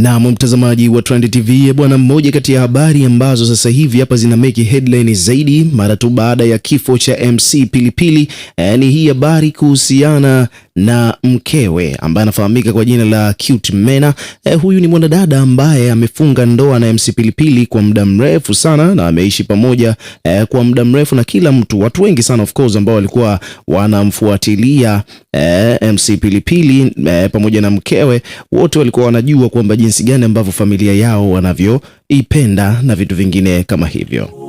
Naam, mtazamaji wa Trend TV e bwana, mmoja kati ya habari ambazo sasa hivi hapa zina make headline zaidi mara tu baada ya kifo cha MC Pilipili eh, ni hii habari kuhusiana na mkewe ambaye anafahamika kwa jina la Cute Mena. E, huyu ni mwanadada ambaye amefunga ndoa na MC Pilipili kwa muda mrefu sana na ameishi pamoja e, kwa muda mrefu na kila mtu, watu wengi sana of course ambao walikuwa wanamfuatilia e, eh, MC Pilipili e, pamoja na mkewe, wote walikuwa wanajua kwamba jinsi gani ambavyo familia yao wanavyoipenda na vitu vingine kama hivyo.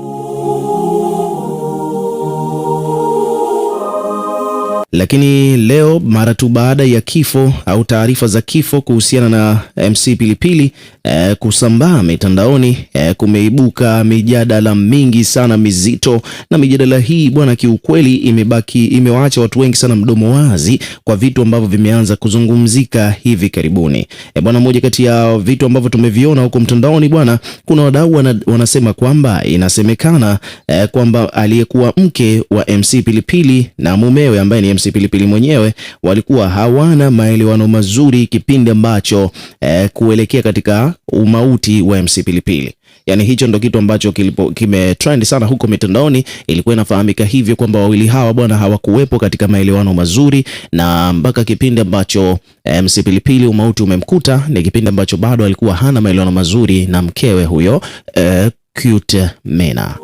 Lakini leo mara tu baada ya kifo au taarifa za kifo kuhusiana na eh, MC Pilipili e, kusambaa mitandaoni e, kumeibuka mijadala mingi sana mizito, na mijadala hii bwana, kiukweli imebaki imewaacha watu wengi sana mdomo wazi kwa vitu ambavyo vimeanza kuzungumzika hivi karibuni e, bwana, moja kati ya vitu ambavyo tumeviona huko mtandaoni bwana, kuna wadau wana, wanasema kwamba inasemekana e, kwamba aliyekuwa mke wa MC Pilipili na mumewe ambaye ni MC James Pilipili mwenyewe walikuwa hawana maelewano mazuri kipindi ambacho eh, kuelekea katika umauti wa MC Pilipili. Yaani hicho ndo kitu ambacho kilipo, kime trend sana huko mitandaoni. Ilikuwa inafahamika hivyo kwamba wawili hawa bwana hawakuwepo katika maelewano mazuri, na mpaka kipindi ambacho eh, MC Pilipili umauti umemkuta ni kipindi ambacho bado alikuwa hana maelewano mazuri na mkewe huyo eh, Cute Mena.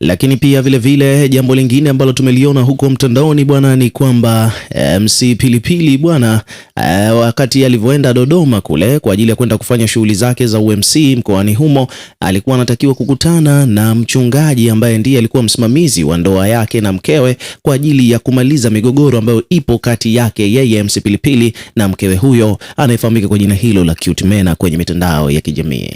Lakini pia vile vile jambo lingine ambalo tumeliona huko mtandaoni bwana ni kwamba eh, MC Pilipili bwana e, wakati alivyoenda Dodoma kule kwa ajili ya kwenda kufanya shughuli zake za UMC mkoani humo, alikuwa anatakiwa kukutana na mchungaji ambaye ndiye alikuwa msimamizi wa ndoa yake na mkewe kwa ajili ya kumaliza migogoro ambayo ipo kati yake yeye MC Pilipili na mkewe huyo anayefahamika kwa jina hilo la Cute Mena kwenye mitandao ya kijamii.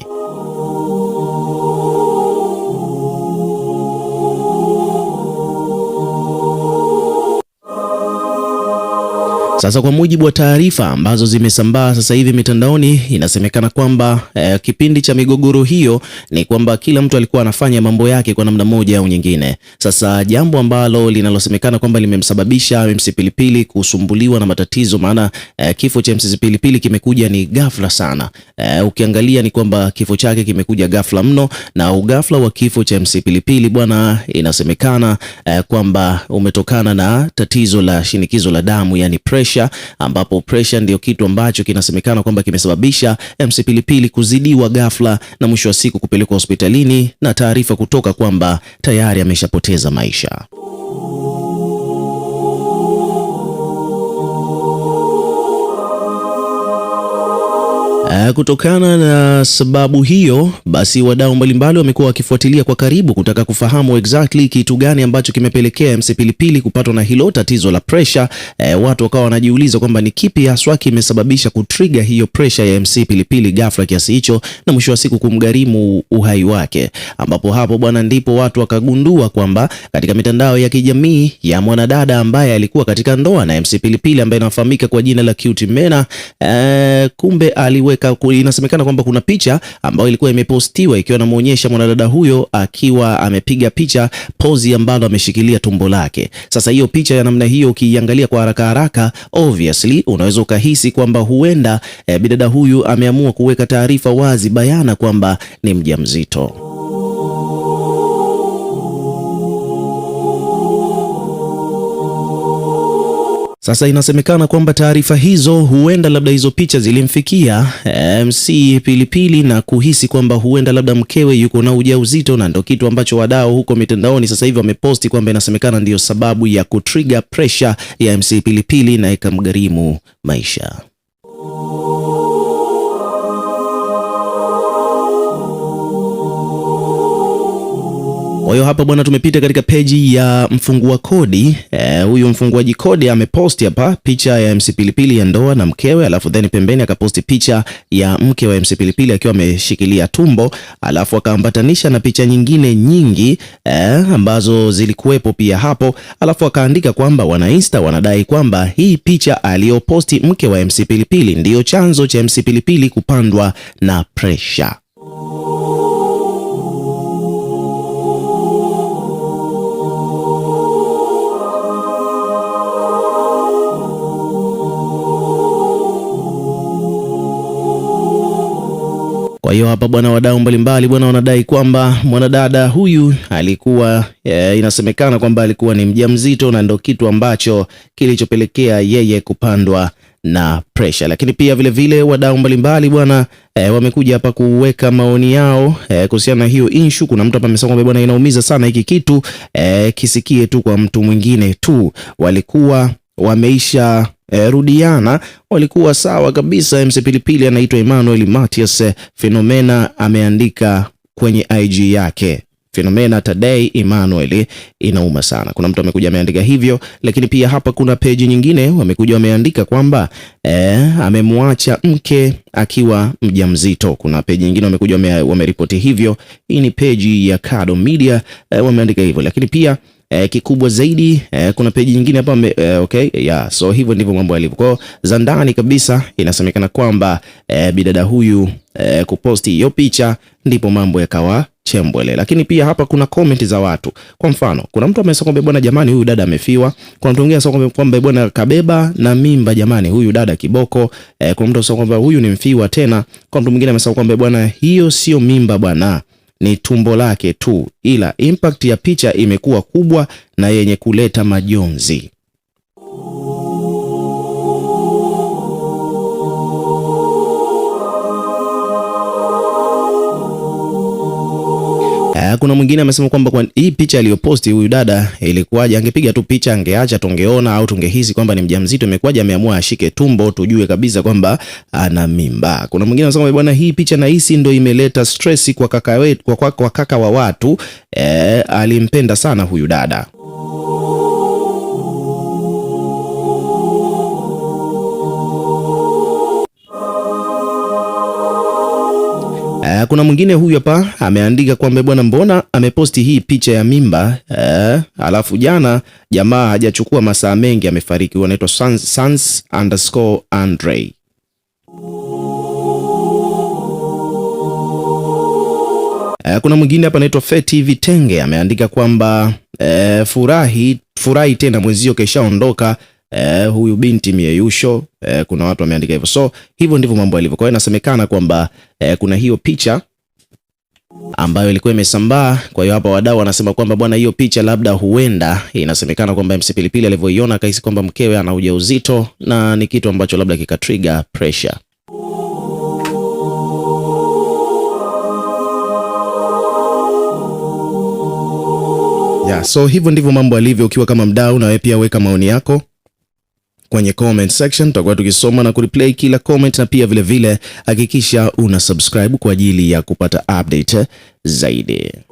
Sasa kwa mujibu wa taarifa ambazo zimesambaa sasa hivi mitandaoni, inasemekana kwamba eh, kipindi cha migogoro hiyo ni kwamba kila mtu alikuwa anafanya mambo yake kwa namna moja au nyingine. Sasa jambo ambalo linalosemekana kwamba limemsababisha MC Pilipili kusumbuliwa na matatizo, maana eh, kifo cha MC Pilipili kimekuja ni ghafla sana. Eh, ukiangalia ni kwamba kifo chake kimekuja ghafla mno, na ughafla wa kifo cha MC Pilipili bwana, inasemekana eh, kwamba umetokana na tatizo la shinikizo la damu, yani pressure pressure, ambapo pressure ndio kitu ambacho kinasemekana kwamba kimesababisha MC Pilipili kuzidiwa ghafla na mwisho wa siku kupelekwa hospitalini na taarifa kutoka kwamba tayari ameshapoteza maisha. Eh, kutokana na sababu hiyo, basi wadau mbalimbali wamekuwa wakifuatilia kwa karibu kutaka kufahamu exactly kitu gani ambacho kimepelekea MC Pilipili kupatwa na hilo tatizo la pressure. Uh, watu wakawa wanajiuliza kwamba ni kipi haswa kimesababisha kutriga hiyo pressure ya MC Pilipili ghafla kiasi hicho na mwisho wa siku kumgharimu uhai wake, ambapo hapo bwana, ndipo watu wakagundua kwamba katika mitandao ya kijamii ya mwanadada ambaye alikuwa katika ndoa na MC Pilipili ambaye anafahamika kwa jina la Cute Mena, uh, kumbe aliwe kuweka, inasemekana kwamba kuna picha ambayo ilikuwa imepostiwa ikiwa inamuonyesha mwanadada huyo akiwa amepiga picha pozi ambalo ameshikilia tumbo lake. Sasa hiyo picha ya namna hiyo ukiiangalia kwa haraka haraka, obviously unaweza ukahisi kwamba huenda eh, bidada huyu ameamua kuweka taarifa wazi bayana kwamba ni mjamzito. Sasa inasemekana kwamba taarifa hizo huenda labda hizo picha zilimfikia eh, MC Pilipili na kuhisi kwamba huenda labda mkewe yuko na ujauzito, na ndio kitu ambacho wadau huko mitandaoni sasa hivi wameposti kwamba inasemekana ndiyo sababu ya kutrigger pressure ya MC Pilipili na ikamgharimu maisha. Kwa hiyo hapa bwana, tumepita katika peji ya mfungua kodi e, huyu mfunguaji kodi ameposti hapa picha ya MC Pilipili ya ndoa na mkewe, alafu then pembeni akaposti picha ya mke wa MC Pilipili akiwa ameshikilia tumbo, alafu akaambatanisha na picha nyingine nyingi e, ambazo zilikuwepo pia hapo, alafu akaandika kwamba wanainsta wanadai kwamba hii picha aliyoposti mke wa MC Pilipili ndiyo chanzo cha MC Pilipili kupandwa na pressure. Kwa hiyo hapa bwana, wadau mbalimbali bwana wanadai kwamba mwanadada huyu alikuwa e, inasemekana kwamba alikuwa ni mjamzito na ndio kitu ambacho kilichopelekea yeye kupandwa na pressure. Lakini pia vilevile wadau mbalimbali bwana e, wamekuja hapa kuweka maoni yao e, kuhusiana na hiyo inshu. Kuna mtu hapa amesema kwamba bwana, inaumiza sana hiki kitu e, kisikie tu kwa mtu mwingine tu walikuwa wameisha eh, rudiana walikuwa sawa kabisa. MC Pilipili anaitwa Emmanuel Matias eh, Fenomena ameandika kwenye IG yake Fenomena today Emmanuel. Inauma sana, kuna mtu amekuja ameandika hivyo, lakini pia hapa kuna peji nyingine wamekuja wameandika kwamba eh, amemwacha mke akiwa mjamzito. Kuna peji nyingine wamekuja wameripoti hivyo. Hii ni peji ya Kado Media eh, wameandika hivyo, lakini pia eh, kikubwa zaidi eh, kuna peji nyingine hapa eh, okay, yeah, so hivyo ndivyo mambo yalivyo. Kwa za ndani kabisa inasemekana kwamba eh, bidada huyu eh, kuposti hiyo picha ndipo mambo yakawa chembwele. Lakini pia hapa kuna comment za watu. Kwa mfano, kuna mtu amesema kwamba bwana jamani huyu dada amefiwa. Kuna mtu mwingine amesema kwamba bwana kabeba na mimba jamani huyu dada kiboko. Eh, kuna mtu amesema kwamba huyu ni mfiwa tena. Kuna mtu mwingine amesema kwamba bwana hiyo sio mimba bwana ni tumbo lake tu, ila impact ya picha imekuwa kubwa na yenye kuleta majonzi. Eh, kuna mwingine amesema kwamba kwa hii picha aliyoposti huyu dada ilikuwaje? Angepiga tu picha, angeacha tungeona au tungehisi kwamba ni mjamzito. Imekuwaje ameamua ashike tumbo tujue kabisa kwamba ana mimba? Kuna mwingine anasema bwana, hii picha nahisi ndio imeleta stress kwa kaka wetu, kwa, kwa, kwa kaka wa watu. Uh, alimpenda sana huyu dada. kuna mwingine huyu hapa ameandika kwamba bwana, mbona ameposti hii picha ya mimba eh, alafu jana jamaa hajachukua masaa mengi amefariki. Anaitwa sans, underscore Andre. Eh, kuna mwingine hapa anaitwa ftv tenge ameandika kwamba eh, furahi furahi tena mwenzio keshaondoka eh, huyu binti mieyusho eh, kuna watu wameandika hivyo, so hivyo ndivyo mambo yalivyo. Kwa hiyo inasemekana kwamba eh, kuna hiyo picha ambayo ilikuwa imesambaa. Kwa hiyo hapa wadau wanasema kwamba bwana, hiyo picha labda huenda, inasemekana kwamba MC Pilipili alivyoiona akahisi kwamba mkewe ana ujauzito na ni kitu ambacho labda kika trigger pressure. Yeah, so hivyo ndivyo mambo alivyo. Ukiwa kama mdau, na wewe pia weka maoni yako kwenye comment section. Tutakuwa tukisoma na kureplay kila comment, na pia vilevile hakikisha vile una subscribe kwa ajili ya kupata update zaidi.